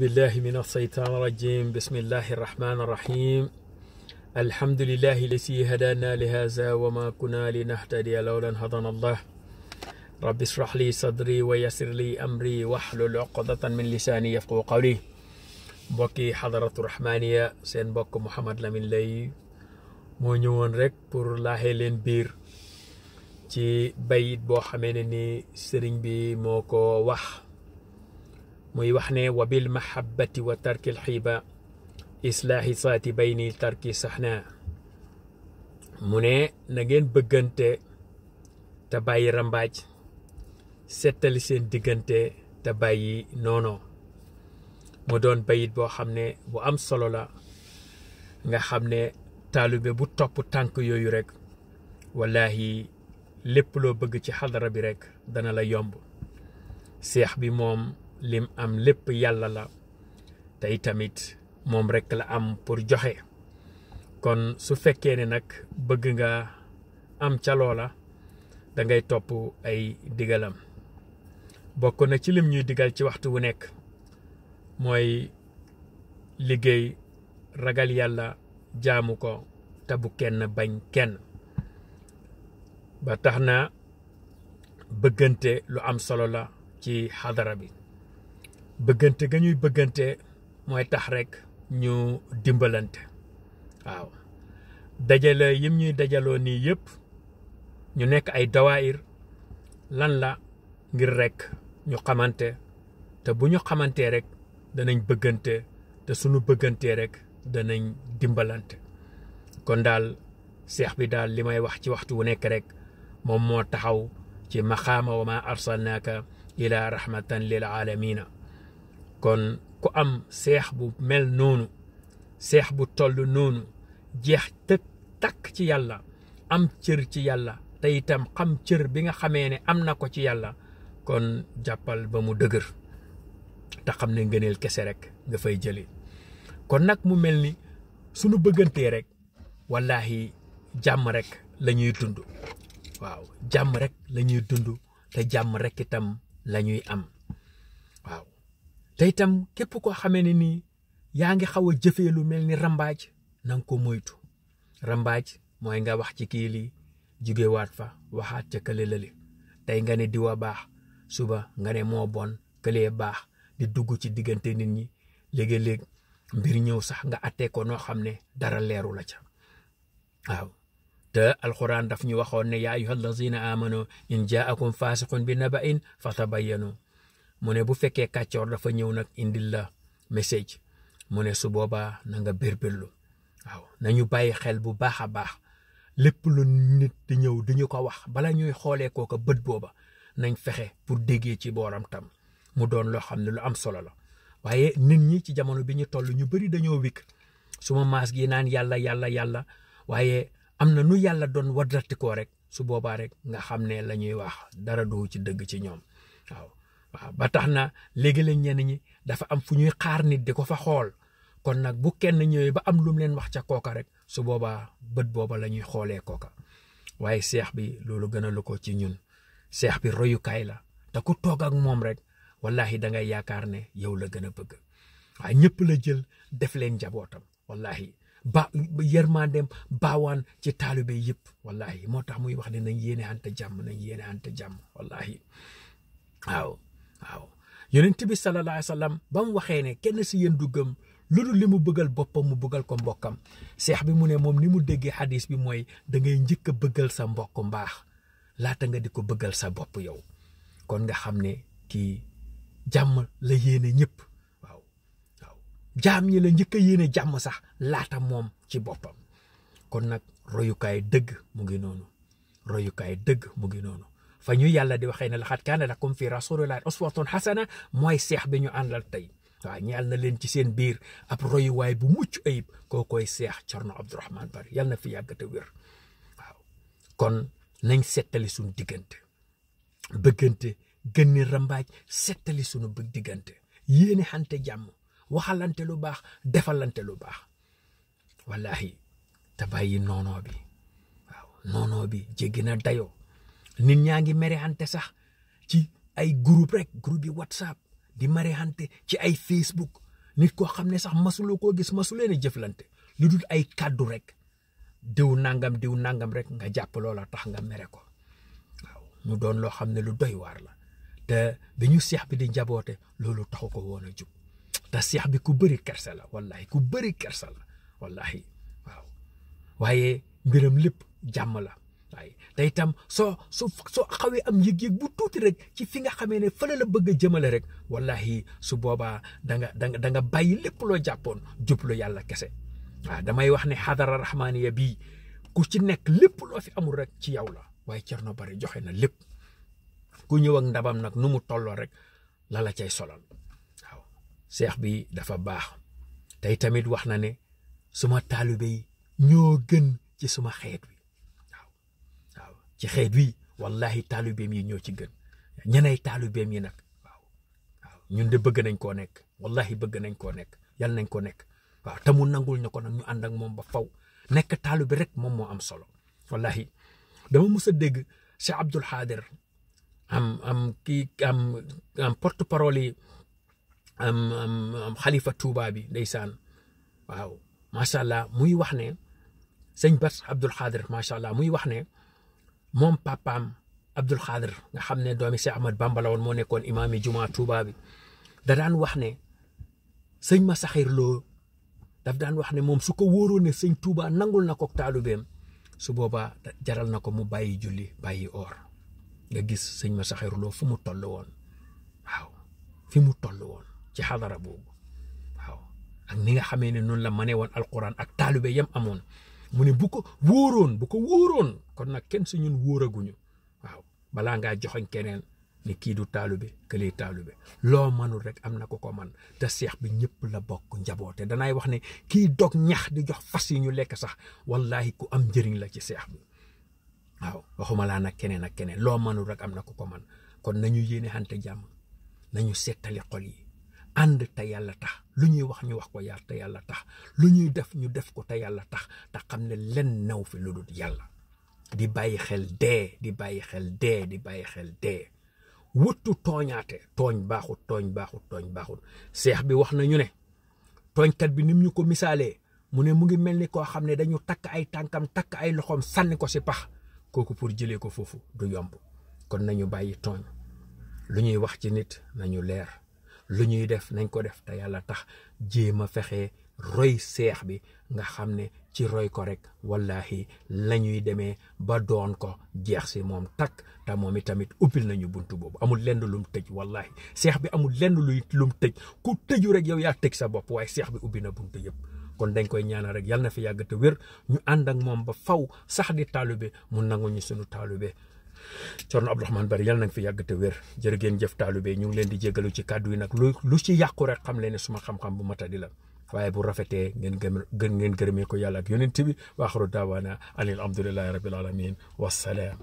بالله من الشيطان الرجيم بسم الله الرحمن الرحيم الحمد لله الذي هدانا لهذا وما كنا لنهتدي لولا ان هدانا الله رب اشرح لي صدري ويسر لي امري واحلل عقدة من لساني يفقهوا قولي بوكي حضرة rahmaniya seen mbokk Mouhamed Lamine Lay moo ñëwoon rek pour laaxee leen biir ci bayit boo xamee ne ni sëriñ bi moo ko muy wax ne wa mahabbati wa tarkil xiiba islaahi saati bayni tarki saxna mu ne na bëggante te bàyyi rambaaj settali seen diggante te bàyyi noono mu doon bayit boo xam ne bu am solo la nga xam ne taalibe bu topp tànk yooyu rekk wallahi lépp loo bëgg ci xadara bi rekk dana la yomb seex bi moom lim am lépp yàlla la tey tamit moom rekk la am pour joxe kon su fekkee ne nag bëgg nga am ca loola da ngay topp ay digalam bokk na ci lim ñuy digal ci waxtu wu nekk mooy liggéey ragal yàlla jaamu ko te kenn bañ kenn ba tax na bëggante lu am solo la ci xadara bi bëggante ga ñuy bëggante mooy tax rek ñu dimbalante waaw dajale yim ñuy dajaloo nii yëpp ñu nekk ay dawaayir lan la ngir rek ñu xamante te bu ñu xamantee rek danañ bëggante te suñu bëggantee rek danañ dimbalante kon daal seex bi daal li may wax ci waxtu wu nekk rek moom moo taxaw ci maxaama wa ma arsalnaaka ila rahmatan lil aalamina kon ku am seex bu mel noonu seex bu toll noonu jeex te takk ci yàlla am cër ci yàlla te itam xam cër bi nga xamee ne am na ko ci yàlla kon jàppal ba mu dëgër te xam ne ngëneel kese rek nga fay jëlee kon nag mu mel ni suñu bëggantee rek wallahi jàmm rek la ñuy dund waaw jàmm rek la ñuy dund te jàmm rek itam la ñuy am waaw te itam képp koo xamee ne nii yaa ngi xaw a lu mel ni rambaaj na ko moytu rambaaj mooy nga wax ci kii lii jugewaat fa waxaat ca kële lële tey nga ne diwa baax suba nga ne moo bon këlee baax di dugg ci diggante nit ñi léegi-léeg mbir ñëw sax nga attee ko noo xam ne dara leeru la ca waaw te alxuraan daf ñu waxoon ne yaa ayyuhal lazina amanu in jaakum fasiqun bi naba'in fatabayyanu mu ne bu fekkee kàccoor dafa ñëw nag indil la message mu ne su boobaa nanga nga bérbéllu waaw nañu bàyyi xel bu baax a baax lépp lu nit di ñëw di ñu ko wax balaa ñuy xoolee kooka bët booba nañ fexe pour déggee ci booram tam mu doon loo xam ne lu am solo la waaye nit ñi ci jamono bi ñu toll ñu bëri dañoo wik suma maas gi naan yàlla yàlla yàlla waaye am na nu yàlla doon ko rek su boobaa rek nga xam ne la ñuy wax dara du ci dëgg ci ñoom ba tax na la ñenn ñi dafa am fu ñuy xaar nit di ko fa xool kon nag bu kenn ñëwee ba am lu leen wax ca kooka rek su boobaa bët booba la ñuy xoolee kooka waaye seex bi loolu gën lu ko ci ñun seex bi royukaay la te ku toog ak moom rek wallahi da ngay yaakaar ne yow la gën a bëgg waaye ñëpp la jël def leen njabootam wallahi ba yermadem bawan ci taalibe yépp wallahi moo tax muy wax ne nañ yéene ante jàmm nañ yéene ante jàmm wallahi waaw yonent bi sallallahu alayhi wa ba mu waxee ne kenn si yéen du gëm lu dul li mu bëggal boppam mu bëggal ko mbokkam seex bi mu ne moom ni mu déggee xadis bi mooy dangay ngay njëkk a bëggal sa mbokk mbaax laata nga di ko bëggal sa bopp yow kon nga xam ne kii jàmm la yéene ñëpp waaw waaw jaam ñi la njëkk a yéene jàmm sax laata moom ci boppam kon nag royukaay dëgg mu ngi noonu royukaay dëgg mu ngi noonu fa ñu yàlla di waxee ne laxat kaana lakum fi rasulillahi uswatun hasana mooy seex bi ñu àndal tey waaw ñeel na leen ci seen biir ab royuwaay bu mucc ayib koo koy seex Cerno Abdourahmane Bari yàlla na fi yàgg te wér waaw kon nañ settali suñ diggante bëggante gënni rambaaj settali suñu bëgg diggante yéene xante jàmm waxalante lu baax defalante lu baax wallahi te bàyyi noonoo bi waaw noonoo bi jéggi na dayoo nit ñaa ngi merexante sax ci ay groupe rek groupe yi whatsapp di merexante ci ay facebook nit koo xam ne sax masuloo koo gis masuleen a jëflante lu dul ay kàddu rek diw nangam diw nangam rek nga jàpp loola tax nga mere ko waaw mu doon loo xam ne lu doy waar la te bi ñu seex bi di njaboote loolu taxu ko woon a jub te seex bi ku bëri kersa la wallahi ku bëri kersa la wallahi waaw waaye mbiram lépp jàmm la waaye te so so so akawi am yëg-yëg bu tuuti rek ci fi nga xamee ne fële la bëgg rek wallahi su boobaa da nga da nga da nga bàyyi japon loo jàppoon yalla kese Ah, damay wax ne rahman ya bi, ku ci nekk lépp loo fi amul rek ci yow la waaye Cerno Bari na lip, ku ñëw ak ndabam nag nu mu rek la la solal bi dafa baax tey tamid wax na ne suma talubi nyogen suma xeet ci xeet wi wallahi taalibeem yi ñoo ci gën ñeney taalibeem yi nag waaw waaw ñun de bëgg nañ koo nekk wallahi bëgg nañ koo nekk yal nañ ko nekk waaw te mu nangul ñu ko nag ñu ànd ak moom ba faw nekk taalibe rek moom moo am solo wallahi dama mës a dégg Cheikh Abdoul Xaadir am am kii am am porte parole yi am am xalifa Touba bi ndeysaan waaw macha allah muy wax ne sëñ Bass Abdoul Xaadir macha allah muy wax ne. moom papaam Abdul Xaadir nga xam ne doomi se Ahmad Bamba woon moo nekkoon imaami juma yi jumaa da dadaan wax ne sëñ ma saxir loo daf daan wax ne moom su ko wóoroo ne sëñ Touba nangul na ko taalu taalubeem su boobaa jaral na ko mu bàyyi julli bàyyi oor nga gis sëñ ma saxir loo fu mu toll woon waaw fi mu toll woon ci xadara boobu waaw ak ni nga xamee ne noonu la mënee woon alquran ak taalube yam amoon. mu ne bu ko wóoroon bu ko wóoroon kon nag kenn si ñun wóoraguñu waaw balaa ngaa joxoñ keneen ni kii du taalube këlee taalube loo manul rek am na ko ko man te seex bi ñëpp la bokk njaboote danaay wax ne kii dog ñax di jox fas yi ñu lekk sax wallahi ku am njëriñ la ci seex bi waaw waxuma laa nag keneen ak keneen loo manul rek am na ko ko man kon nañu yéene xante jàmm nañu settali xol yi ànd te yàlla tax lu ñuy wax ñu wax ko yar yàlla tax lu ñuy def ñu def ko te yàlla tax tax xam ne lenn new fi lu dul yàlla di bàyyi xel dee di bàyyi xel dee di bàyyi xel dee wëttu tooñaate tooñ baaxut tooñ baaxut tooñ baaxut seex bi wax na ñu ne tooñkat bi nim ñu ko misaalee mu ne mu ngi mel ni koo xam ne dañu takk ay tànkam takk ay loxoom sànni ko si pax kooku pour jëlee ko foofu du yomb kon nañu bàyyi tooñ lu ñuy wax ci nit nañu leer lu ñuy def nañ ko def te yàlla tax jéem a fexe roy seex bi nga xam ne ci roy ko rek wallahi la ñuy demee ba doon ko jeex si moom takk te moom i tamit uppil nañu buntu boobu amul lenn lum tëj wallahi seex bi amul lenn luy lum tëj ku tëju rek yow yaa tëj sa bopp waaye seex bi ubbi na buntu yëpp kon dañ koy ñaanal rek yàlla na fi yàgg te wér ñu ànd ak moom ba faw sax di taalube mun nangu ñu sunu taalube Thierno Abdourahmane Bari yal nañ fi yàgg te wér jërë ngeen jëf taalibe ñu ngi leen di jégalu ci kàddu yi nag lu lu ci yàqu rek xam leen ne suma xam-xam bu matadi la waaye bu rafetee ngeen gëm gën ngeen gërëmee ko yàlla ak yonent bi waaxiru daawaana anil hamdulillahi rabbil alamin wasalaam